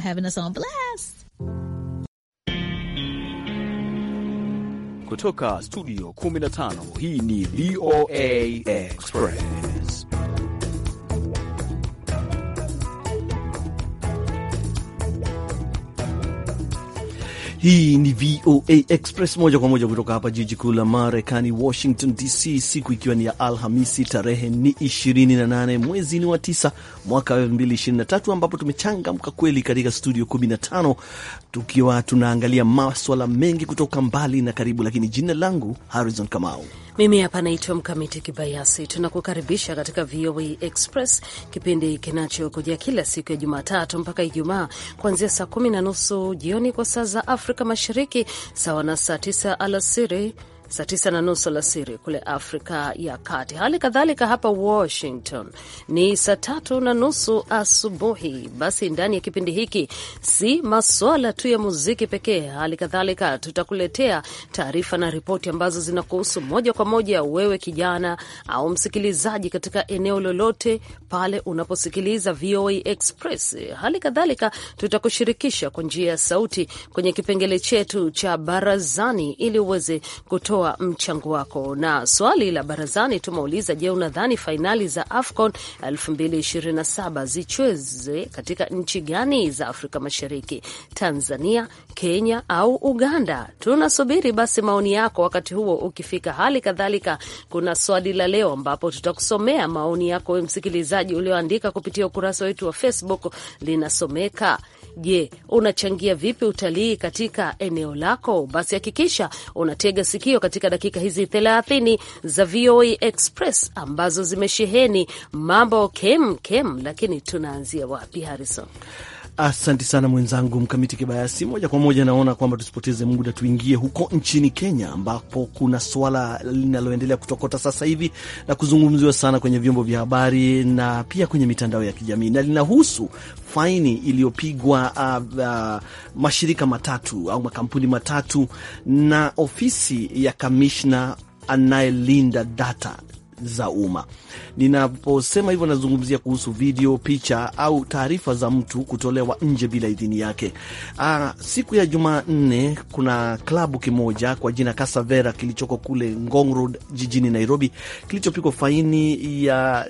having us on blast. Kutoka studio 15 hii ni VOA Express. Hii ni VOA Express moja kwa moja kutoka hapa jiji kuu la Marekani, Washington DC, siku ikiwa ni ya Alhamisi, tarehe ni 28 mwezi ni wa 9 mwaka 2023, ambapo tumechangamka kweli katika studio 15 tukiwa tunaangalia maswala mengi kutoka mbali na karibu, lakini jina langu Harrison Kamau mimi hapa naitwa Mkamiti Kibayasi. Tunakukaribisha katika VOA Express, kipindi kinachokuja kila siku ya Jumatatu mpaka Ijumaa, kuanzia saa kumi na nusu jioni kwa saa za Afrika Mashariki, sawa na saa tisa alasiri saa tisa na nusu alasiri kule Afrika ya Kati. Hali kadhalika hapa Washington ni saa tatu na nusu asubuhi. Basi ndani ya kipindi hiki si maswala tu ya muziki pekee, hali kadhalika tutakuletea taarifa na ripoti ambazo zinakuhusu moja kwa moja wewe kijana au msikilizaji katika eneo lolote pale unaposikiliza VOA Express. Hali kadhalika tutakushirikisha kwa njia ya sauti kwenye kipengele chetu cha barazani ili uweze kutoa kutoa mchango wako. Na swali la barazani tumeuliza, je, unadhani fainali za AFCON 2027 zichweze katika nchi gani za Afrika Mashariki, Tanzania, Kenya au Uganda? Tunasubiri basi maoni yako wakati huo ukifika. Hali kadhalika kuna swali la leo ambapo tutakusomea maoni yako we msikilizaji ulioandika kupitia ukurasa wetu wa Facebook, linasomeka Je, unachangia vipi utalii katika eneo lako? Basi hakikisha unatega sikio katika dakika hizi thelathini za VOA Express ambazo zimesheheni mambo kem kem. Lakini tunaanzia wapi, Harrison? Asante sana mwenzangu Mkamiti Kibayasi. Moja kwa moja, naona kwamba tusipoteze muda, tuingie huko nchini Kenya ambapo kuna swala linaloendelea kutokota sasa hivi na kuzungumziwa sana kwenye vyombo vya habari na pia kwenye mitandao ya kijamii, na linahusu faini iliyopigwa uh, uh, mashirika matatu au makampuni matatu na ofisi ya kamishna anayelinda data za umma. Ninaposema hivyo, nazungumzia kuhusu video, picha au taarifa za mtu kutolewa nje bila idhini yake. Aa, ah, siku ya Jumanne kuna klabu kimoja kwa jina Kasavera kilichoko kule Ngong Road jijini Nairobi kilichopigwa faini ya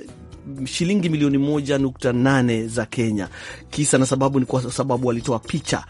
shilingi milioni moja nukta nane za Kenya. Kisa na sababu ni kwa sababu walitoa picha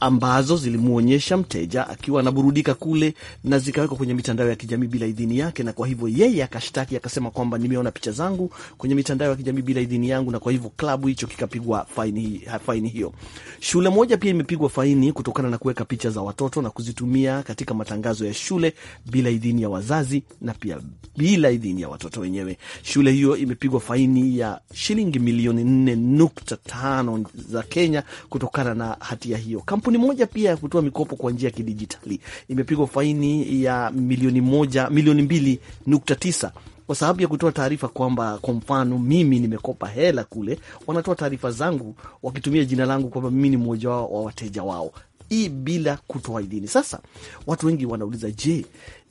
ambazo zilimwonyesha mteja akiwa anaburudika kule na zikawekwa kwenye mitandao ya kijamii bila idhini yake, na kwa hivyo yeye akashtaki akasema kwamba nimeona picha zangu kwenye mitandao ya kijamii bila idhini yangu, na kwa hivyo klabu hicho kikapigwa faini, faini hiyo. Shule moja pia imepigwa faini kutokana na kuweka picha za watoto na kuzitumia katika matangazo ya shule bila idhini ya wazazi na pia bila idhini ya watoto wenyewe. Shule hiyo imepigwa faini ya shilingi milioni 4.5 za Kenya kutokana na hatia hiyo. Kampu Kampuni moja pia ya kutoa mikopo kwa njia ya kidijitali imepigwa faini ya milioni moja, milioni mbili nukta tisa kwa sababu ya kutoa taarifa kwamba, kwa mfano, mimi nimekopa hela kule, wanatoa taarifa zangu wakitumia jina langu kwamba mimi ni mmoja wao wa wateja wao, hii bila kutoa idhini. Sasa watu wengi wanauliza, je,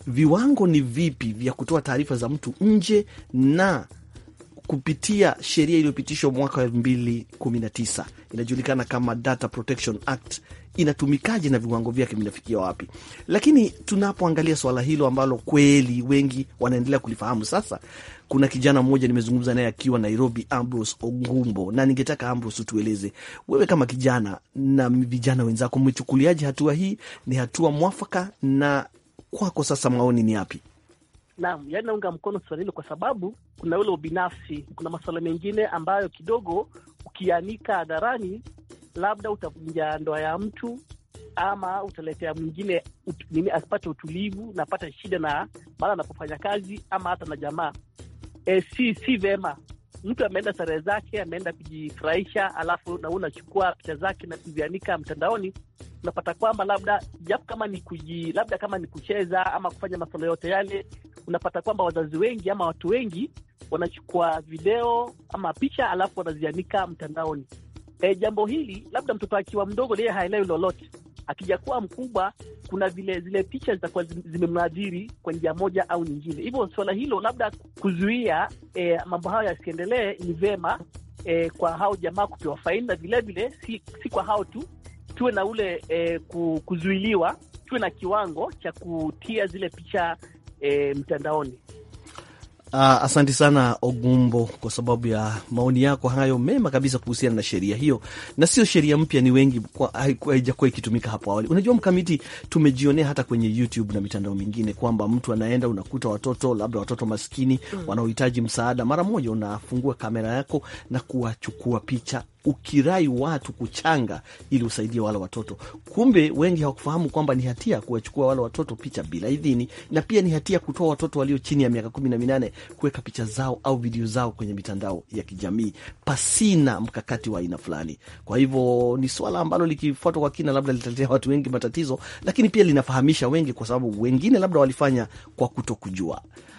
viwango ni vipi vya kutoa taarifa za mtu nje na kupitia sheria iliyopitishwa mwaka wa 2019 inajulikana kama Data Protection Act. Inatumikaje na viwango vyake vinafikia wapi? Lakini tunapoangalia swala hilo ambalo kweli wengi wanaendelea kulifahamu sasa, kuna kijana mmoja nimezungumza naye akiwa Nairobi, Ambrose Ogumbo, na ningetaka Ambrose utueleze wewe kama kijana na vijana wenzako, mmechukuliaje hatua hii? Ni hatua mwafaka? Na kwako sasa maoni ni yapi? Naam, yani naunga mkono swali hilo kwa sababu kuna ule ubinafsi, kuna masuala mengine ambayo kidogo ukianika hadharani, labda utavunja ndoa ya mtu ama utaletea mwingine ut, nini asipate utulivu na apate shida na mara anapofanya kazi ama hata na jamaa. E, si si vema mtu ameenda starehe zake, ameenda kujifurahisha, alafu na unachukua picha zake na kuzianika mtandaoni, unapata kwamba labda japo kama ni kuji, labda kama ni kucheza ama kufanya masuala yote yale, unapata kwamba wazazi wengi ama watu wengi wanachukua video ama picha alafu wanazianika mtandaoni. E, jambo hili labda mtoto akiwa mdogo yeye haelewi lolote, akija kuwa mkubwa, kuna vile zile picha zitakuwa zimemwadhiri kwa njia moja au nyingine. Hivyo suala hilo labda kuzuia e, mambo hayo yasiendelee ni vema e, kwa hao jamaa kupewa faini na vilevile si, si kwa hao tu, tuwe na ule e, kuzuiliwa, tuwe na kiwango cha kutia zile picha e, mtandaoni. Uh, ah, asanti sana Ogumbo kwa sababu ya maoni yako hayo mema kabisa kuhusiana na sheria hiyo, na sio sheria mpya, ni wengi, haijakuwa ikitumika hapo awali. Unajua mkamiti, tumejionea hata kwenye YouTube na mitandao mingine kwamba mtu anaenda, unakuta watoto labda watoto maskini mm, wanaohitaji msaada, mara moja unafungua kamera yako na kuwachukua picha ukirai watu kuchanga ili usaidie wale watoto. Kumbe wengi hawakufahamu kwamba ni hatia kuwachukua wale watoto picha bila idhini, na pia ni hatia kutoa watoto walio chini ya miaka kumi na minane kuweka picha zao au video zao kwenye mitandao ya kijamii pasina mkakati wa aina fulani. Kwa hivyo ni swala ambalo likifuatwa kwa kina, labda litaletea watu wengi matatizo, lakini pia linafahamisha wengi, kwa sababu wengine labda walifanya kwa kutokujua.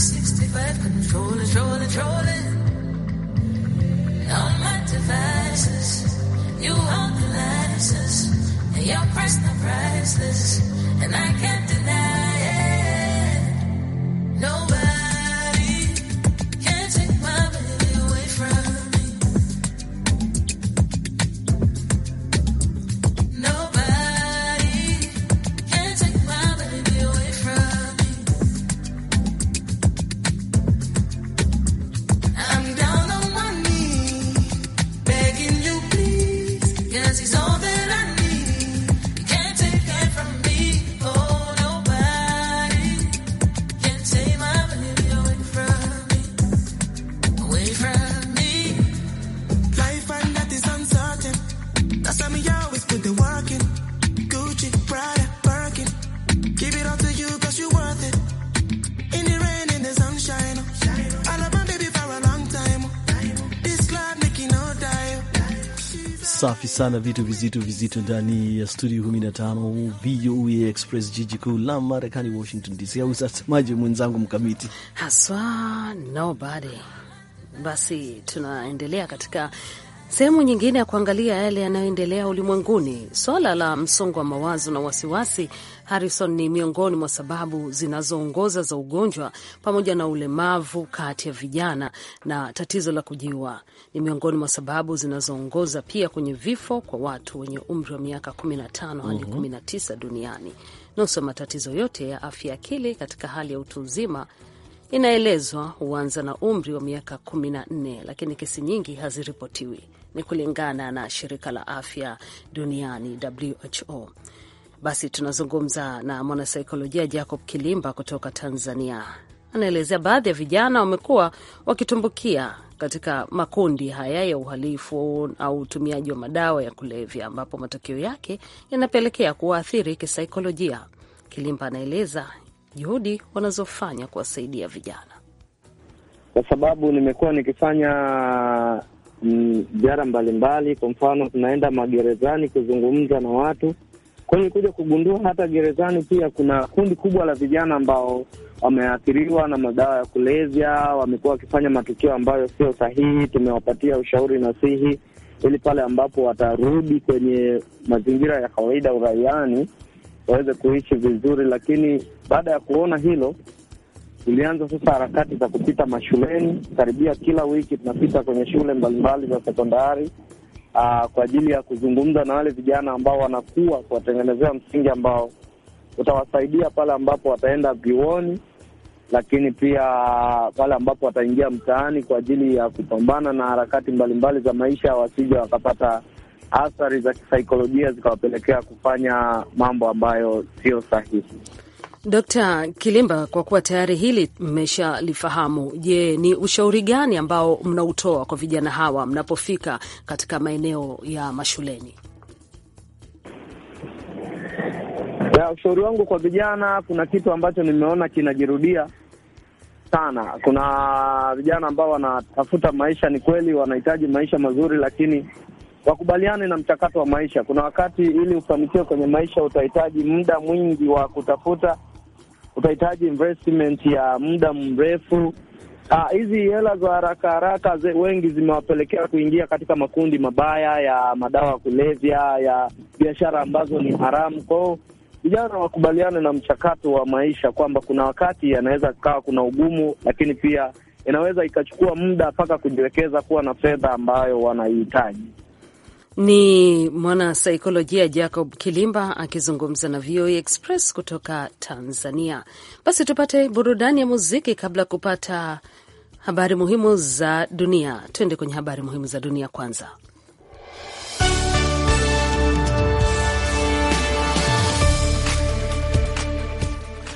365 controlling, trolling, trolling. On my devices, you and priceless, and I can't deny. Safi sana, vitu vizito vizito ndani ya studio 15 VOA Express, jiji kuu la Marekani, Washington DC, au usasemaje mwenzangu Mkamiti haswa nobody. Basi tunaendelea katika Sehemu nyingine ya kuangalia yale yanayoendelea ulimwenguni, swala la msongo wa mawazo na wasiwasi, Harrison, ni miongoni mwa sababu zinazoongoza za ugonjwa pamoja na ulemavu kati ya vijana, na tatizo la kujiua ni miongoni mwa sababu zinazoongoza pia kwenye vifo kwa watu wenye umri wa miaka 15 hadi 19 mhm. duniani. Nusu ya matatizo yote ya afya akili katika hali ya utu uzima inaelezwa huanza na umri wa miaka 14, lakini kesi nyingi haziripotiwi. Ni kulingana na shirika la afya duniani WHO. Basi tunazungumza na mwanasaikolojia Jacob Kilimba kutoka Tanzania. Anaelezea baadhi ya vijana wamekuwa wakitumbukia katika makundi haya ya uhalifu au utumiaji wa madawa ya kulevya, ambapo matokeo yake yanapelekea kuwaathiri kisaikolojia. Kilimba anaeleza juhudi wanazofanya kuwasaidia vijana? Kwa sababu nimekuwa nikifanya mm, ziara mbalimbali, kwa mfano tunaenda magerezani kuzungumza na watu kwa hiyo kuja kugundua hata gerezani pia kuna kundi kubwa la vijana ambao wameathiriwa na madawa ya kulevya, wamekuwa wakifanya matukio ambayo sio sahihi. Tumewapatia ushauri nasihi, ili pale ambapo watarudi kwenye mazingira ya kawaida uraiani, waweze kuishi vizuri. Lakini baada ya kuona hilo, tulianza sasa harakati za kupita mashuleni. Karibia kila wiki tunapita kwenye shule mbalimbali za sekondari ah, kwa ajili ya kuzungumza na wale vijana ambao wanakuwa, kuwatengenezea msingi ambao utawasaidia pale ambapo wataenda vyuoni, lakini pia pale ambapo wataingia mtaani, kwa ajili ya kupambana na harakati mbalimbali za maisha, wasije wakapata athari za kisaikolojia zikawapelekea kufanya mambo ambayo sio sahihi. d Kilimba, kwa kuwa tayari hili mmeshalifahamu, je, ni ushauri gani ambao mnautoa kwa vijana hawa mnapofika katika maeneo ya mashuleni? Ya, ushauri wangu kwa vijana, kuna kitu ambacho nimeona kinajirudia sana. Kuna vijana ambao wanatafuta maisha, ni kweli wanahitaji maisha mazuri, lakini wakubaliane na mchakato wa maisha. Kuna wakati ili ufanikiwe kwenye maisha utahitaji muda mwingi wa kutafuta, utahitaji investment ya muda mrefu. Ah, hizi hela za haraka haraka wengi zimewapelekea kuingia katika makundi mabaya ya madawa ya kulevya, ya biashara ambazo ni haramu. Kwao vijana wakubaliane na mchakato wa maisha kwamba kuna wakati anaweza kukawa kuna ugumu, lakini pia inaweza ikachukua muda mpaka kujiwekeza kuwa na fedha ambayo wanaihitaji. Ni mwanasaikolojia Jacob Kilimba akizungumza na VOA e Express kutoka Tanzania. Basi tupate burudani ya muziki kabla ya kupata habari muhimu za dunia. Tuende kwenye habari muhimu za dunia kwanza.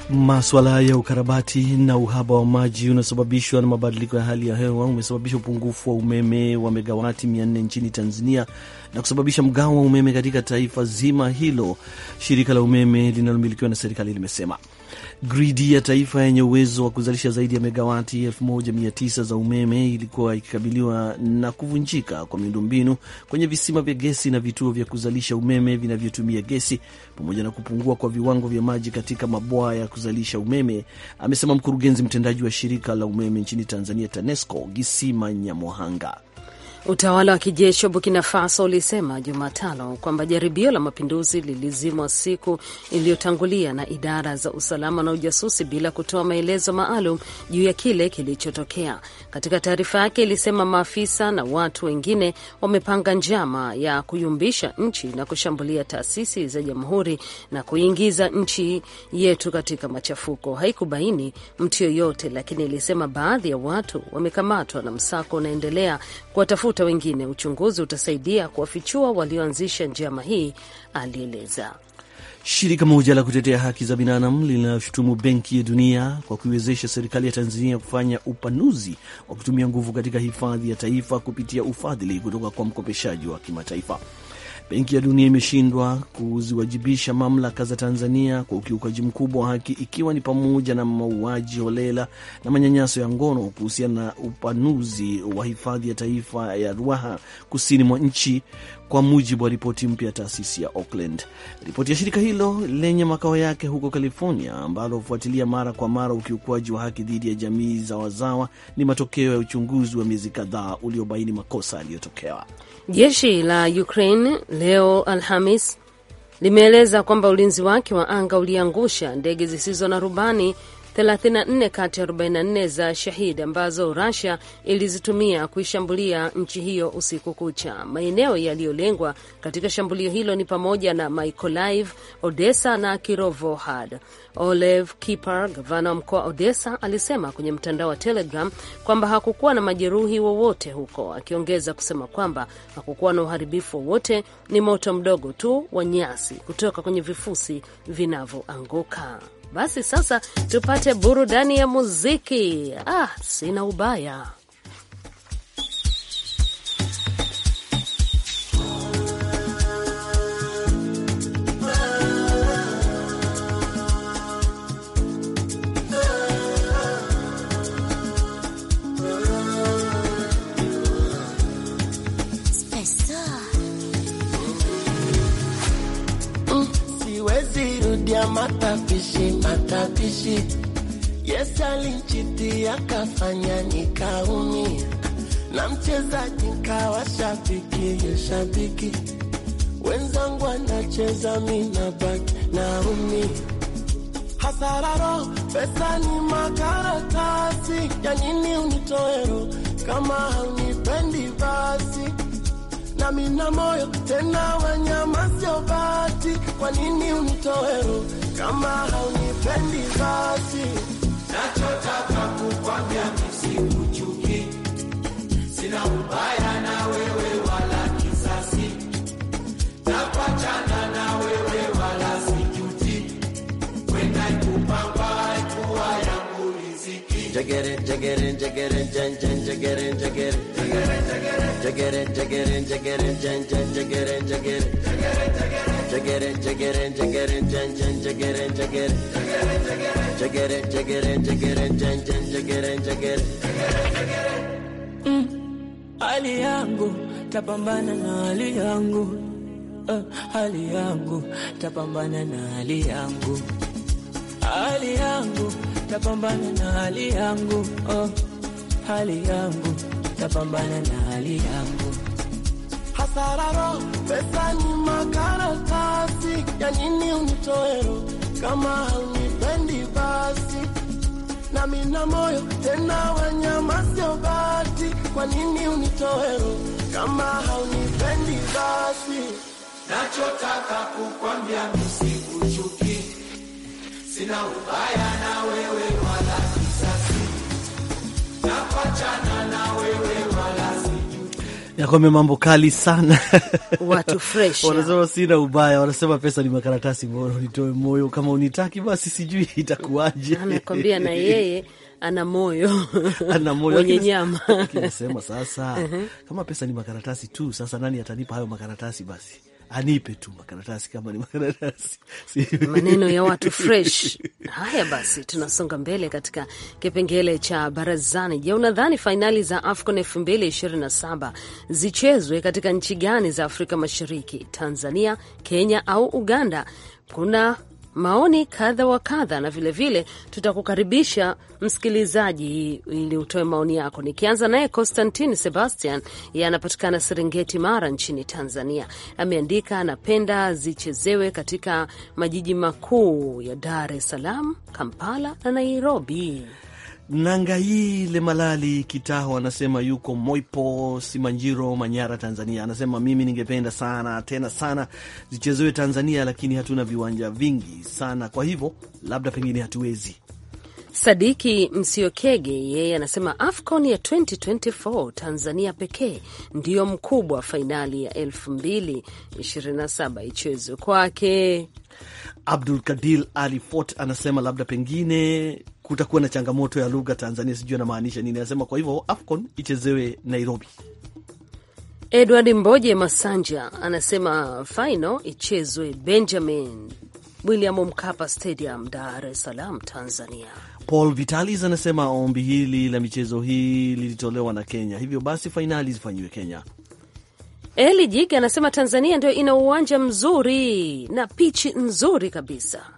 Maswala ya ukarabati na uhaba wa maji unasababishwa na mabadiliko ya hali ya hewa umesababisha upungufu wa umeme wa megawati 400 nchini Tanzania na kusababisha mgao wa umeme katika taifa zima hilo, shirika la umeme linalomilikiwa na serikali limesema. Gridi ya taifa yenye uwezo wa kuzalisha zaidi ya megawati 1900 za umeme ilikuwa ikikabiliwa na kuvunjika kwa miundombinu kwenye visima vya gesi na vituo vya kuzalisha umeme vinavyotumia gesi pamoja na kupungua kwa viwango vya maji katika mabwawa ya kuzalisha umeme, amesema mkurugenzi mtendaji wa shirika la umeme nchini Tanzania, TANESCO, Gisima Nyamohanga. Utawala wa kijeshi wa Burkina Faso ulisema Jumatano kwamba jaribio la mapinduzi lilizimwa siku iliyotangulia na idara za usalama na ujasusi bila kutoa maelezo maalum juu ya kile kilichotokea. Katika taarifa yake ilisema maafisa na watu wengine wamepanga njama ya kuyumbisha nchi na kushambulia taasisi za jamhuri na kuingiza nchi yetu katika machafuko. Haikubaini mtu yoyote, lakini ilisema baadhi ya watu wamekamatwa na msako unaendelea kuwatafuta kutafuta wengine. Uchunguzi utasaidia kuwafichua walioanzisha njama hii, alieleza. Shirika moja la kutetea haki za binadamu linashutumu Benki ya Dunia kwa kuiwezesha serikali ya Tanzania kufanya upanuzi wa kutumia nguvu katika hifadhi ya taifa kupitia ufadhili kutoka kwa mkopeshaji wa kimataifa. Benki ya Dunia imeshindwa kuziwajibisha mamlaka za Tanzania kwa ukiukaji mkubwa wa haki, ikiwa ni pamoja na mauaji holela na manyanyaso ya ngono kuhusiana na upanuzi wa hifadhi ya taifa ya Ruaha kusini mwa nchi kwa mujibu wa ripoti mpya ya taasisi ya Oakland. Ripoti ya shirika hilo lenye makao yake huko California, ambalo hufuatilia mara kwa mara ukiukwaji wa haki dhidi ya jamii za wazawa, ni matokeo ya uchunguzi wa miezi kadhaa uliobaini makosa yaliyotokewa. Jeshi la Ukraine leo Alhamis limeeleza kwamba ulinzi wake wa anga uliangusha ndege zisizo na rubani 34 kati ya 44 za Shahid ambazo rasia ilizitumia kuishambulia nchi hiyo usiku kucha. Maeneo yaliyolengwa katika shambulio hilo ni pamoja na Mykolaiv, Odessa na Kirovohrad. Olev Kiper, gavana wa mkoa Odessa, alisema kwenye mtandao wa Telegram kwamba hakukuwa na majeruhi wowote huko, akiongeza kusema kwamba hakukuwa na uharibifu wowote, ni moto mdogo tu wa nyasi kutoka kwenye vifusi vinavyoanguka. Basi sasa tupate burudani ya muziki. Ah, sina ubaya alinipidia matapishi matapishi, Yes, alinchitia kafanya nikaumia, na mchezaji nkawa shabiki ya shabiki, wenzangu anacheza mina baki naumia Hasararo, pesa ni makaratasi, ya nini unitoero kama haunipendi basi na mina moyo tena, wanyama sio bati. Kwa nini unitoero kama haunipendi? Basi nachotaka kukwambia nisikuchuki, sina ubaya na wewe wala kisasi, napachana na wewe Jigger it, jigger it, jigger it, jen, jen, jigger it, jigger it. Jigger it, jigger it, jigger it, jen, jen, jigger it, jigger it. Jigger it, jigger it, jigger it, jen, jen, jigger it, jigger it. Jigger it, jigger it, jigger it, jen, jen, jigger it, jigger it. Hali yangu tapambana na hali yangu, hali yangu tapambana na hali yangu, hali yangu tapambana na hali yangu oh, hali yangu tapambana na hali yangu hasararo pesa ni makaratasi ya nini unitoero kama unipendi basi na mina moyo tena wanyama sio bati kwa nini unitoero kama haunipendi basi nachotaka kukwambia msikuchuki Sina ubaya na wewe wala kisasi, napachana na wewe mambo kali sana watu fresh wanasema sina ubaya, wanasema pesa ni makaratasi, mbona unitoe moyo? Kama unitaki basi sijui itakuwaje. Anakwambia na yeye ana moyo ana moyo wenye nyama kinasema sasa, uh-huh. kama pesa ni makaratasi tu, sasa nani atanipa hayo makaratasi basi anipe tu makaratasi kama ni makaratasi maneno ya watu fresh. Haya basi, tunasonga mbele katika kipengele cha barazani. Je, unadhani fainali za AFCON 2027 zichezwe katika nchi gani za Afrika Mashariki? Tanzania, Kenya au Uganda? Kuna maoni kadha wa kadha, na vilevile tutakukaribisha msikilizaji ili utoe maoni yako. Nikianza naye konstantin Sebastian, yeye anapatikana Serengeti, Mara nchini Tanzania, ameandika anapenda zichezewe katika majiji makuu ya Dar es Salaam, Kampala na Nairobi. Nangaile Malali Kitaho anasema yuko Moipo Simanjiro, Manyara, Tanzania. Anasema mimi ningependa sana tena sana zichezewe Tanzania, lakini hatuna viwanja vingi sana, kwa hivyo labda pengine hatuwezi. Sadiki Msiokege yeye anasema AFCON ya 2024 Tanzania pekee ndiyo mkubwa, fainali ya 2027 ichezwe kwake. Abdul Kadil Ali Fort anasema labda pengine kutakuwa na changamoto ya lugha Tanzania, sijui anamaanisha nini, anasema kwa hivyo AFCON ichezewe Nairobi. Edward Mboje Masanja anasema final ichezwe Benjamin William Mkapa Stadium, Dar es Salaam, Tanzania. Paul Vitalis anasema ombi hili la michezo hii lilitolewa na Kenya, hivyo basi fainali zifanyiwe Kenya. Eli jik anasema Tanzania ndio ina uwanja mzuri na pichi nzuri kabisa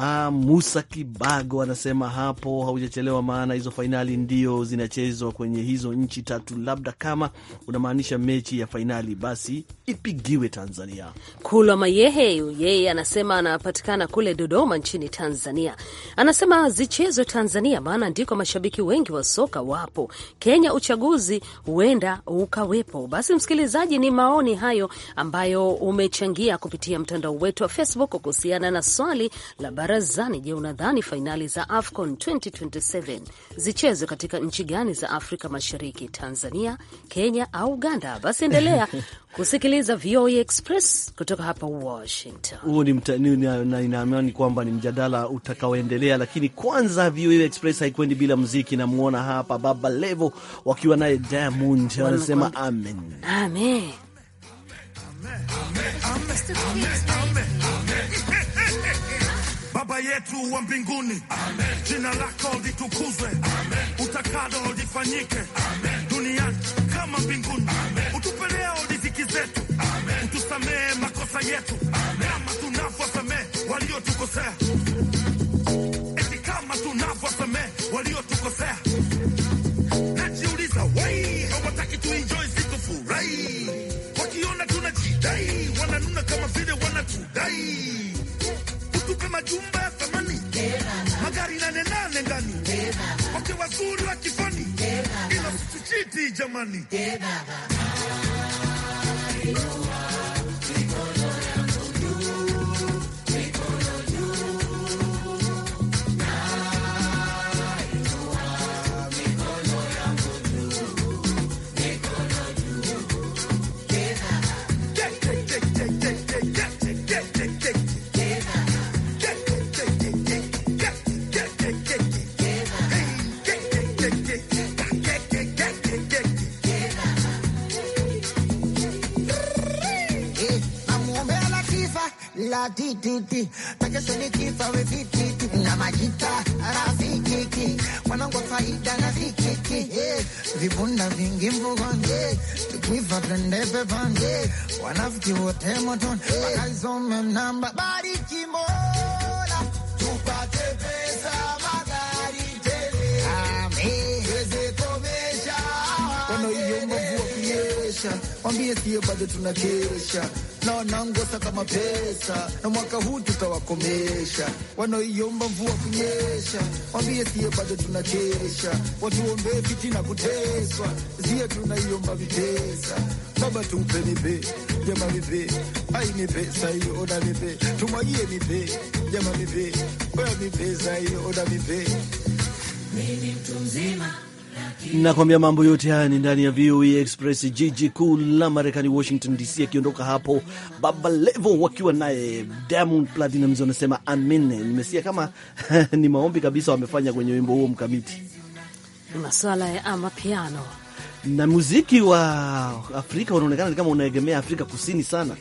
Ah, Musa Kibago anasema hapo haujachelewa, maana hizo fainali ndio zinachezwa kwenye hizo nchi tatu. Labda kama unamaanisha mechi ya fainali, basi ipigiwe Tanzania. Kulwa Mayehe yeye anasema anapatikana kule Dodoma nchini Tanzania, anasema zichezwe Tanzania, maana ndiko mashabiki wengi wa soka wapo. Kenya uchaguzi huenda ukawepo. Basi msikilizaji, ni maoni hayo ambayo umechangia kupitia mtandao wetu wa Facebook kuhusiana na swali la barazani. Je, unadhani fainali za AFCON 2027 zichezwe katika nchi gani za Afrika Mashariki, Tanzania, Kenya au Uganda? Basi endelea kusikiliza VOA Express kutoka hapa Washington. Huo ninaamini kwamba ni mjadala utakaoendelea, lakini kwanza VOA Express haikwendi bila muziki. Namwona hapa Baba Levo wakiwa naye Diamond wanasema amen, amen. amen. amen. amen. amen. amen yetu wa mbinguni, Amen. Jina lako litukuzwe, utakalo lifanyike duniani kama mbinguni. Utupe leo riziki zetu, utusamehe makosa yetu Amen. kama tunavyosamehe waliotukosea, eti kama tunavyosamehe waliotukosea. Najiuliza wai hawataki siku furahi, wakiona tunajidai wananuna kama vile wanatudai. Utupe majumba jamani, hey kititi pekesho ni na majita rafikiki mwanangu faida na vikiki vibunda vingi mvugonge tukifa tendepe pange wanafiki wote moton wakaisome mnamba bariki Mola tupate pesa magari tele amen sio bado tunakesha na wanaongoza kama pesa, na mwaka huu tutawakomesha. Wanaoiomba mvua kunyesha, wambie siye bado tunachesha, watuombee fitina kuteswa, zie tunaiomba vitesa. Baba tupe nipe, jama nipe, ai nipe sahiyo, ona nipe, tumwagie nipe, jama nipe, oya nipe sahiyo, ona nipe. Mimi mtu mzima Nakwambia mambo yote haya ni ndani ya VOA e Express, jiji kuu la Marekani, Washington DC. Akiondoka hapo Baba Levo wakiwa naye Diamond Platnumz wanasema amin. Nimesikia kama ni maombi kabisa wamefanya kwenye wimbo huo. Mkamiti maswala ya amapiano na muziki wa Afrika unaonekana ni kama unaegemea Afrika Kusini sana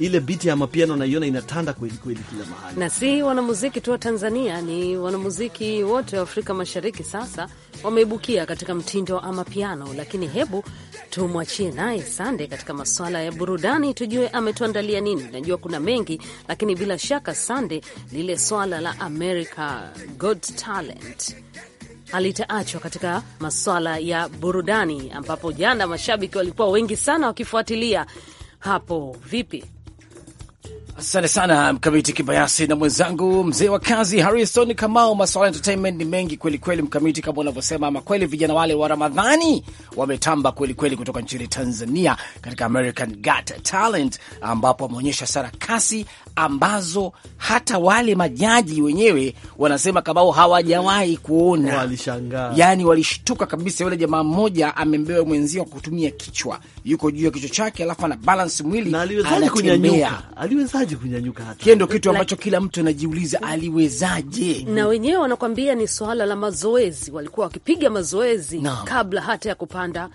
ile biti ya mapiano naiona inatanda kweli kweli kila mahali, na si wanamuziki tu wa Tanzania, ni wanamuziki wote wa Afrika Mashariki sasa wameibukia katika mtindo wa amapiano. Lakini hebu tumwachie naye Sande katika masuala ya burudani, tujue ametuandalia nini. Najua kuna mengi, lakini bila shaka Sande, lile swala la America Got Talent alitaachwa katika masuala ya burudani, ambapo jana mashabiki walikuwa wengi sana wakifuatilia hapo. Vipi? Asante sana Mkamiti Kibayasi na mwenzangu mzee wa kazi Harrison Kamau. Masuala ya entertainment ni mengi kweli kweli, Mkamiti, kama unavyosema. Ama kweli vijana wale wa Ramadhani wametamba kweli kweli kutoka nchini Tanzania katika American Got Talent, ambapo wameonyesha sarakasi ambazo hata wale majaji wenyewe wanasema kabao hawajawahi kuona, walishangaa, yani walishtuka kabisa. Yule jamaa mmoja amembewa mwenzio kwa kutumia kichwa, yuko juu ya kichwa chake, alafu ana balance mwili, kunyanyuka? Aliwezaje kunyanyuka? Hata hiyo ndio kitu ambacho kila mtu anajiuliza aliwezaje, na wenyewe wanakwambia ni swala la mazoezi, walikuwa wakipiga mazoezi no, kabla hata ya kupanda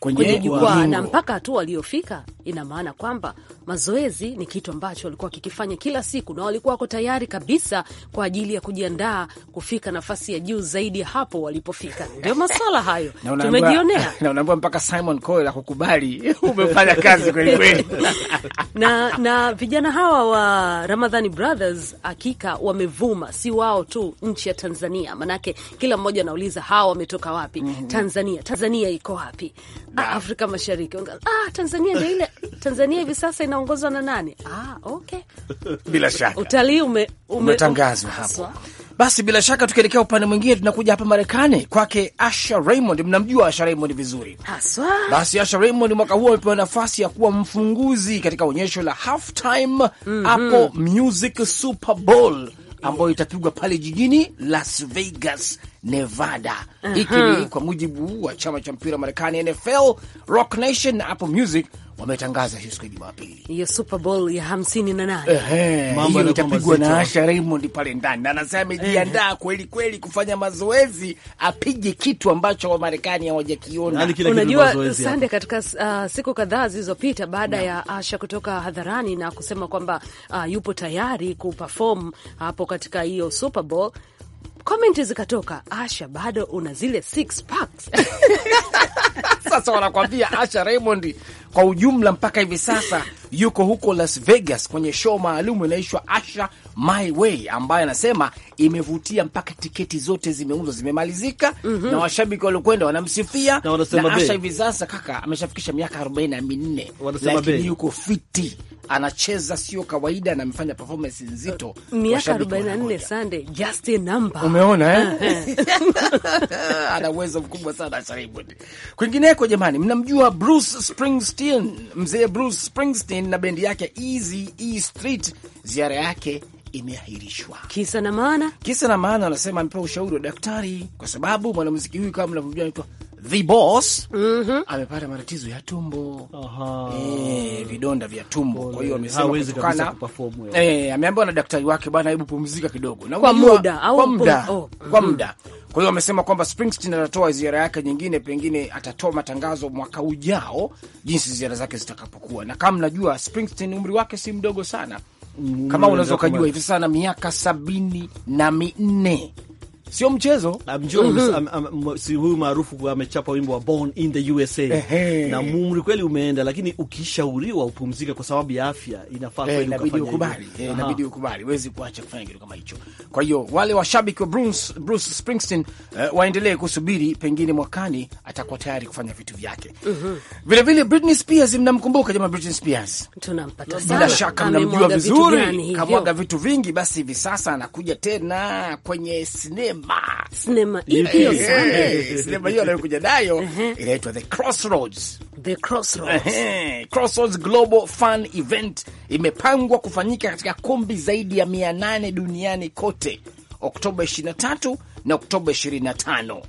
kwenye jukwaa na mpaka hatua waliofika. Ina maana kwamba mazoezi ni kitu ambacho walikuwa wakikifanya kila siku, na walikuwa wako tayari kabisa kwa ajili ya kujiandaa kufika nafasi ya juu zaidi hapo walipofika. Ndio maswala hayo tumejionea, na mpaka Simon Cowell akukubali umefanya kazi kweli kweli. Na, na vijana hawa wa Ramadhani Brothers hakika wamevuma, si wao tu, nchi ya Tanzania, manake kila mmoja anauliza hawa wametoka wapi? mm -hmm. Tanzania, Tanzania iko wapi? ah, Afrika Mashariki ah, Tanzania ndio ile Tanzania hivi sasa inaongozwa na nani? Ah, okay, bila shaka utalii ume, ume, umetangazwa hapo. Basi bila shaka tukielekea upande mwingine, tunakuja hapa Marekani kwake Asha Raymond. Mnamjua Asha Raymond vizuri haswa. Basi Asha Raymond mwaka huo amepewa nafasi ya kuwa mfunguzi katika onyesho la halftime mm -hmm. hapo Music Super Bowl ambayo itapigwa pale jijini Las Vegas Nevada. Hiki ni kwa mujibu wa chama cha mpira wa Marekani NFL, Rock Nation na Apple Music wametangaza hiyo siku ya Jumapili hiyo Super Bowl ya hamsini na itapigwa na Asha Raymond pale ndani, na anasema amejiandaa kweli kweli kufanya mazoezi, apige kitu ambacho Wamarekani hawajakiona. Yaani Unajua sande, katika uh, siku kadhaa zilizopita baada na ya Asha kutoka hadharani na kusema kwamba uh, yupo tayari kuperform hapo katika hiyo Super Bowl komenti zikatoka, Asha bado una zile six packs. Sasa wanakwambia Asha Raymond kwa ujumla mpaka hivi sasa yuko huko Las Vegas kwenye show maalum inaishwa Asha My Way ambayo anasema imevutia mpaka tiketi zote zimeuzwa zimemalizika, mm -hmm. na washabiki waliokwenda wanamsifia na, na Asha hivi sasa kaka ameshafikisha miaka arobaini na minne lakini yuko fiti anacheza sio kawaida na amefanya performance nzito. Miaka 44 Sunday just a number. Umeona eh? ana uwezo mkubwa sana sharibu. Kwingineko jamani, mnamjua Bruce Springsteen, mzee Bruce Springsteen na bendi yake Easy E Street. Ziara yake imeahirishwa. Kisa na maana, kisa na maana, anasema amepewa ushauri wa daktari, kwa sababu mwanamuziki huyu kama mnavyojua anaitwa The Boss mm -hmm. amepata matatizo ya tumbo e, vidonda vya tumbo. Kwa hiyo amesema kutokana, eh, ameambiwa na daktari wake, bwana, hebu pumzika kidogo na kwa muda au kwa muda oh. Mhm. kwa muda mm -hmm. Kwa hiyo amesema kwamba Springsteen atatoa ziara yake nyingine, pengine atatoa matangazo mwaka ujao jinsi ziara zake zitakapokuwa. Na kama mnajua Springsteen umri wake si mdogo sana Mm, kama unaweza ukajua hivi sana miaka sabini na minne sio mchezo. Mm-hmm. si Huyu maarufu amechapa wimbo wa Born in the USA na umri kweli umeenda, lakini ukishauriwa upumzike kwa sababu ya afya, inafaa eh, kweli inabidi ukubali, eh, inabidi ukubali, huwezi kuacha kufanya kitu kama hicho. Kwa hiyo wale washabiki wa Bruce, Bruce Springsteen uh, waendelee kusubiri, pengine mwakani atakuwa tayari kufanya vitu vyake. Vilevile mm-hmm. Britney Spears, mnamkumbuka jamaa Britney Spears? Tunampata sana, bila shaka mnamjua vizuri, kamwaga vitu vingi. Basi hivi sasa anakuja tena kwenye sinema sinema sinema hiyo sinema hiyo anayokuja nayo inaitwa The Crossroads. The Crossroads. Crossroads Global Fan Event imepangwa kufanyika katika kumbi zaidi ya 800 duniani kote Oktoba 23 na Oktoba 25.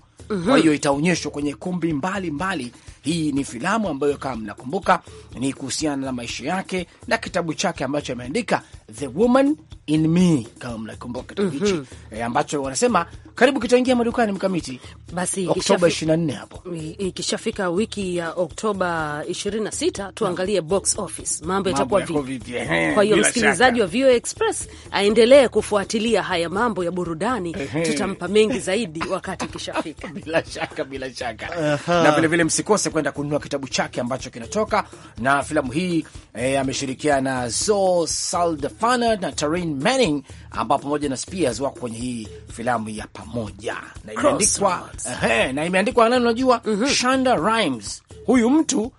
Kwa hiyo itaonyeshwa kwenye kumbi mbalimbali mbali hii ni filamu ambayo kama mnakumbuka, ni kuhusiana na maisha yake na kitabu chake ambacho ameandika The Woman in Me, kama mnakumbuka kitabu hichi mm -hmm. E, ambacho wanasema karibu kitaingia madukani mkamiti, basi Oktoba 24 hapo ikishafika wiki ya Oktoba 26 tuangalie mm. box office mambo yatakuwa vipi. Kwa hiyo msikilizaji wa VOA Express aendelee kufuatilia haya mambo ya burudani, tutampa mengi zaidi wakati ikishafika. Bila shaka, bila shaka. Na vilevile msikose kwenda kununua kitabu chake ambacho kinatoka na filamu hii e, ameshirikiana na Zoe Saldana na Taryn Manning ambao pamoja na Spears wako kwenye hii filamu ya pamoja na imeandikwa ehe, na imeandikwa nani, unajua mm -hmm. Shonda Rhimes huyu mtu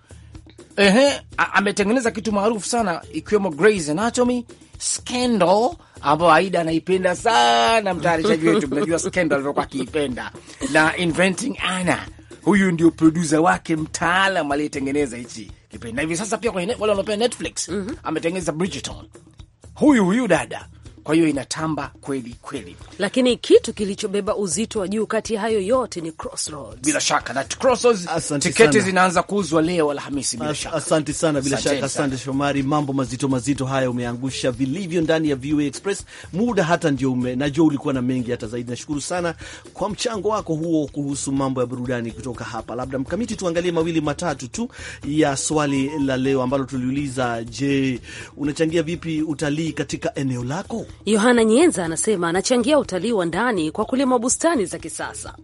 ehe, ametengeneza kitu maarufu sana ikiwemo Grey's Anatomy, Scandal ambayo Aida anaipenda sana, mtayarishaji wetu mnajua Scandal alivyokuwa akiipenda na Inventing Anna huyu ndio produsa wake mtaalam aliyetengeneza hichi kipindi, na hivi sasa pia kwenye wale wanaopea Netflix mm -hmm. ametengeneza Bridgerton, huyu huyu dada kwa hiyo inatamba kweli kweli, lakini kitu kilichobeba uzito wa juu kati ya hayo yote ni Crossroads. Bila shaka na Crossroads tiketi zinaanza kuuzwa leo Alhamisi. Bila shaka asante sana, bila shaka, asante Shomari. Mambo mazito mazito haya umeangusha vilivyo ndani ya VOA Express. Muda hata ndio ume, najua ulikuwa na mengi hata zaidi. Nashukuru sana kwa mchango wako huo kuhusu mambo ya burudani kutoka hapa. Labda mkamiti, tuangalie mawili matatu tu ya swali la leo ambalo tuliuliza: Je, unachangia vipi utalii katika eneo lako? Yohana Nyenza anasema anachangia utalii wa ndani kwa kulima bustani za kisasa.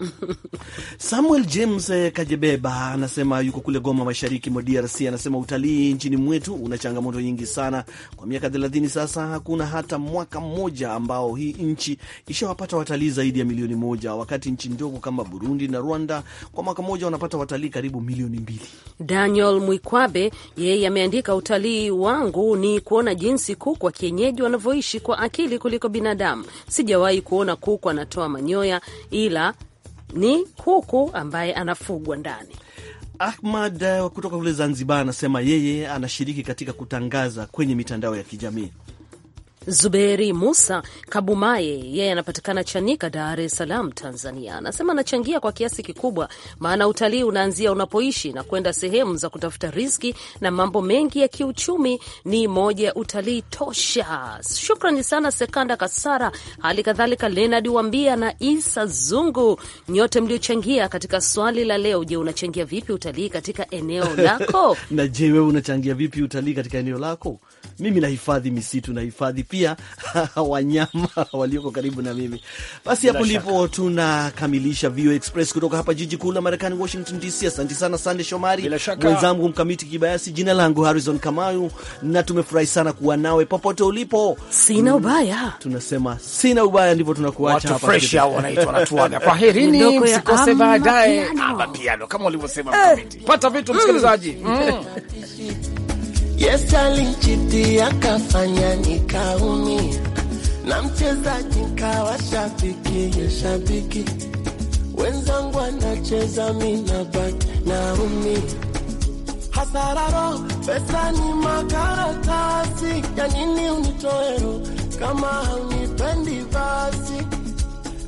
Samuel James eh, Kajebeba anasema yuko kule Goma, mashariki mwa DRC. Anasema utalii nchini mwetu una changamoto nyingi sana. Kwa miaka thelathini sasa hakuna hata mwaka mmoja ambao hii nchi ishawapata watalii zaidi ya milioni moja, wakati nchi ndogo kama Burundi na Rwanda kwa mwaka mmoja wanapata watalii karibu milioni mbili. Daniel Mwikwabe yeye ameandika utalii wangu ni kuona jinsi kuku wa kienyeji wanavyoishi kwa aki akili kuliko binadamu. Sijawahi kuona kuku anatoa manyoya, ila ni kuku ambaye anafugwa ndani. Ahmad eh, kutoka kule Zanzibar anasema yeye anashiriki katika kutangaza kwenye mitandao ya kijamii. Zuberi Musa Kabumaye, yeye anapatikana Chanika, Dar es Salaam, Tanzania, anasema anachangia kwa kiasi kikubwa, maana utalii unaanzia unapoishi na kwenda sehemu za kutafuta riziki, na mambo mengi ya kiuchumi ni moja ya utalii tosha. Shukrani sana Sekanda Kasara, hali kadhalika lenad Wambia na Isa Zungu, nyote mliochangia katika swali la leo. Je, unachangia vipi utalii katika eneo lako? na je, wewe unachangia vipi utalii katika eneo lako? mimi nahifadhi misitu, nahifadhi pia wanyama walioko karibu na mimi. Basi hapo ndipo tunakamilisha VOA Express kutoka hapa jiji kuu la Marekani, Washington DC. Asante sana Sande Shomari, mwenzangu Mkamiti Kibayasi. Jina langu Harrison Kamau, na tumefurahi sana kuwa nawe popote ulipo. Sina mm, ubaya, tunasema sina ubaya, ndivyo tunakuacha hapa. Fresh hao wanaitwa natuaga. Kwa herini, msikose baadaye ama piano ah, kama walivyosema Mkamiti. Eh. Pata vitu msikilizaji. Mm. Mm. Yes, alinchitia akafanya nikaumia, na mchezaji nikawa shabiki ya shabiki, wenzangu anacheza mina naumia, hasararo pesa ni makaratasi ya nini unitoero kama haunipendi basi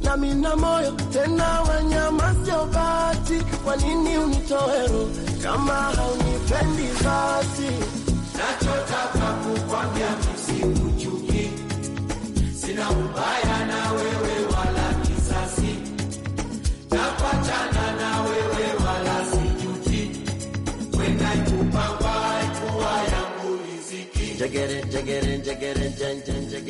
na mina moyo tena wanyama sio bati, kwa nini unitoero kama haunipendi basi nachotaka kukwambia msikuchuki, sina ubaya na wewe wala kisasi, nakwachana na wewe wala sijuti, wenda ikupangwa ikuwa yangu riziki.